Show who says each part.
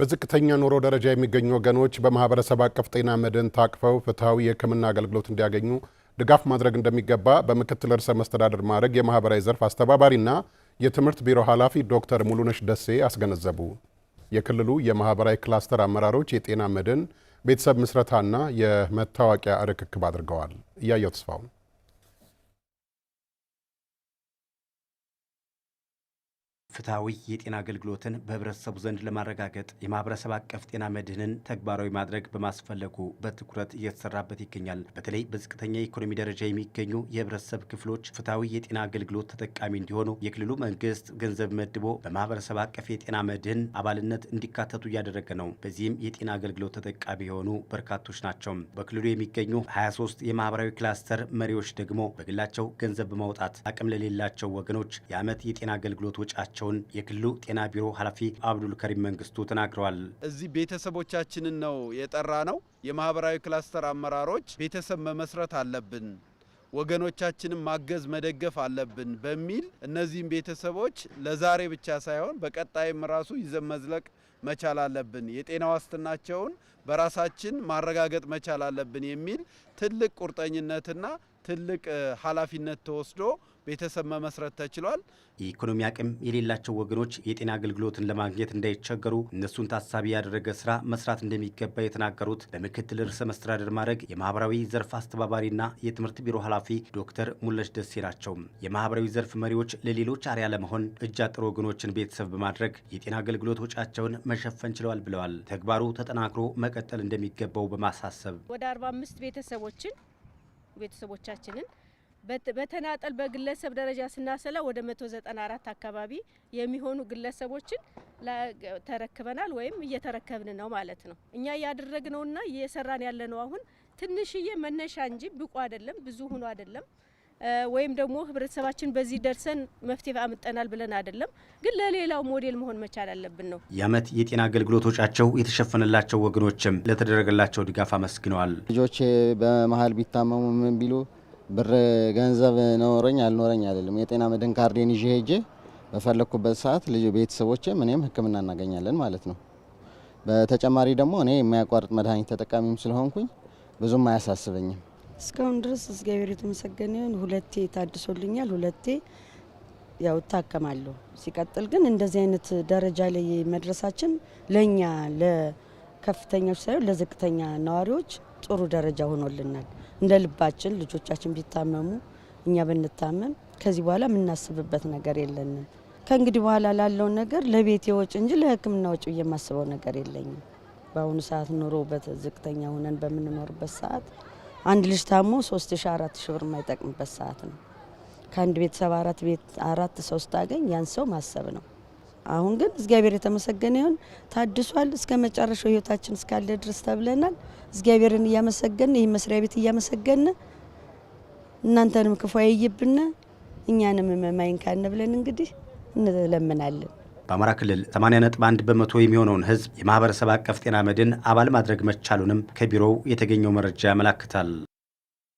Speaker 1: በዝቅተኛ ኑሮ ደረጃ የሚገኙ ወገኖች በማህበረሰብ አቀፍ ጤና መድን ታቅፈው ፍትሐዊ የሕክምና አገልግሎት እንዲያገኙ ድጋፍ ማድረግ እንደሚገባ በምክትል ርዕሰ መስተዳድር ማዕረግ የማህበራዊ ዘርፍ አስተባባሪና የትምህርት ቢሮ ኃላፊ ዶክተር ሙሉነሽ ደሴ አስገነዘቡ። የክልሉ የማህበራዊ ክላስተር አመራሮች የጤና መድን ቤተሰብ ምስረታና የመታወቂያ ርክክብ አድርገዋል። እያየው ተስፋውን
Speaker 2: ፍትሐዊ የጤና አገልግሎትን በህብረተሰቡ ዘንድ ለማረጋገጥ የማህበረሰብ አቀፍ ጤና መድህንን ተግባራዊ ማድረግ በማስፈለጉ በትኩረት እየተሰራበት ይገኛል። በተለይ በዝቅተኛ የኢኮኖሚ ደረጃ የሚገኙ የህብረተሰብ ክፍሎች ፍትሐዊ የጤና አገልግሎት ተጠቃሚ እንዲሆኑ የክልሉ መንግስት ገንዘብ መድቦ በማህበረሰብ አቀፍ የጤና መድህን አባልነት እንዲካተቱ እያደረገ ነው። በዚህም የጤና አገልግሎት ተጠቃሚ የሆኑ በርካቶች ናቸው። በክልሉ የሚገኙ 23 የማህበራዊ ክላስተር መሪዎች ደግሞ በግላቸው ገንዘብ በማውጣት አቅም ለሌላቸው ወገኖች የዓመት የጤና አገልግሎት ወጫቸው መሆናቸውን የክልሉ ጤና ቢሮ ኃላፊ አብዱልከሪም መንግስቱ ተናግረዋል።
Speaker 3: እዚህ ቤተሰቦቻችንን ነው የጠራ ነው። የማህበራዊ ክላስተር አመራሮች ቤተሰብ መመስረት አለብን ወገኖቻችንም ማገዝ መደገፍ አለብን በሚል እነዚህም ቤተሰቦች ለዛሬ ብቻ ሳይሆን በቀጣይም ራሱ ይዘን መዝለቅ መቻል አለብን፣ የጤና ዋስትናቸውን በራሳችን ማረጋገጥ መቻል አለብን የሚል ትልቅ ቁርጠኝነትና ትልቅ ኃላፊነት ተወስዶ ቤተሰብ መመስረት ተችሏል።
Speaker 2: የኢኮኖሚ አቅም የሌላቸው ወገኖች የጤና አገልግሎትን ለማግኘት እንዳይቸገሩ እነሱን ታሳቢ ያደረገ ስራ መስራት እንደሚገባ የተናገሩት በምክትል ርዕሰ መስተዳደር ማድረግ የማህበራዊ ዘርፍ አስተባባሪና የትምህርት ቢሮ ኃላፊ ዶክተር ሙለሽ ደሴ ናቸው። የማህበራዊ ዘርፍ መሪዎች ለሌሎች አርያ ለመሆን እጅ አጥር ወገኖችን ቤተሰብ በማድረግ የጤና አገልግሎት ወጪያቸውን መሸፈን ችለዋል ብለዋል። ተግባሩ ተጠናክሮ መቀጠል እንደሚገባው በማሳሰብ
Speaker 4: ወደ 45 ቤተሰቦችን ቤተሰቦቻችንን በተናጠል በግለሰብ ደረጃ ስናሰላ ወደ 194 አካባቢ የሚሆኑ ግለሰቦችን ተረክበናል ወይም እየተረከብን ነው ማለት ነው። እኛ እያደረግነውና እየሰራን ያለነው አሁን ትንሽዬ መነሻ እንጂ ብቁ አይደለም፣ ብዙ ሆኖ አይደለም ወይም ደግሞ ህብረተሰባችን በዚህ ደርሰን መፍትሄ አምጠናል ብለን አይደለም፣ ግን ለሌላው ሞዴል መሆን መቻል አለብን ነው።
Speaker 2: የዓመት የጤና አገልግሎቶቻቸው የተሸፈነላቸው ወገኖችም ለተደረገላቸው ድጋፍ አመስግነዋል።
Speaker 5: ልጆቼ በመሀል ቢታመሙ ምን ቢሉ ብር ገንዘብ ኖረኝ አልኖረኝ አይደለም። የጤና መድን ካርዴን ይዤ ሄጄ በፈለግኩበት ሰዓት ልጅ ቤተሰቦቼ እኔም ሕክምና እናገኛለን ማለት ነው። በተጨማሪ ደግሞ እኔ የማያቋርጥ መድኃኒት ተጠቃሚም ስለሆንኩኝ ብዙም አያሳስበኝም።
Speaker 6: እስካሁን ድረስ እግዚአብሔር የተመሰገነ ይሁን። ሁለቴ ታድሶልኛል። ሁለቴ ያው እታከማለሁ። ሲቀጥል ግን እንደዚህ አይነት ደረጃ ላይ መድረሳችን ለእኛ ከፍተኞች ሳይሆን ለዝቅተኛ ነዋሪዎች ጥሩ ደረጃ ሆኖልናል። እንደ ልባችን ልጆቻችን ቢታመሙ እኛ ብንታመም ከዚህ በኋላ የምናስብበት ነገር የለንም። ከእንግዲህ በኋላ ላለው ነገር ለቤቴ ወጪ እንጂ ለሕክምና ወጪ የማስበው ነገር የለኝም። በአሁኑ ሰዓት ኑሮ ዝቅተኛ ሆነን በምንኖርበት ሰዓት አንድ ልጅ ታሞ ሶስት ሺ አራት ሺ ብር የማይጠቅምበት ሰዓት ነው። ከአንድ ቤተሰብ አራት ቤት አራት ሰው ስታገኝ ያን ሰው ማሰብ ነው። አሁን ግን እግዚአብሔር የተመሰገነ ይሁን ታድሷል። እስከ መጨረሻው ህይወታችን እስካለ ድረስ ተብለናል። እግዚአብሔርን እያመሰገን ይህ መስሪያ ቤት እያመሰገን እናንተንም ክፉ አይይብን እኛንም መማይንካን ብለን እንግዲህ እንለምናለን።
Speaker 2: በአማራ ክልል 81 በመቶ የሚሆነውን ህዝብ የማህበረሰብ አቀፍ ጤና መድን አባል ማድረግ መቻሉንም ከቢሮው የተገኘው መረጃ ያመላክታል።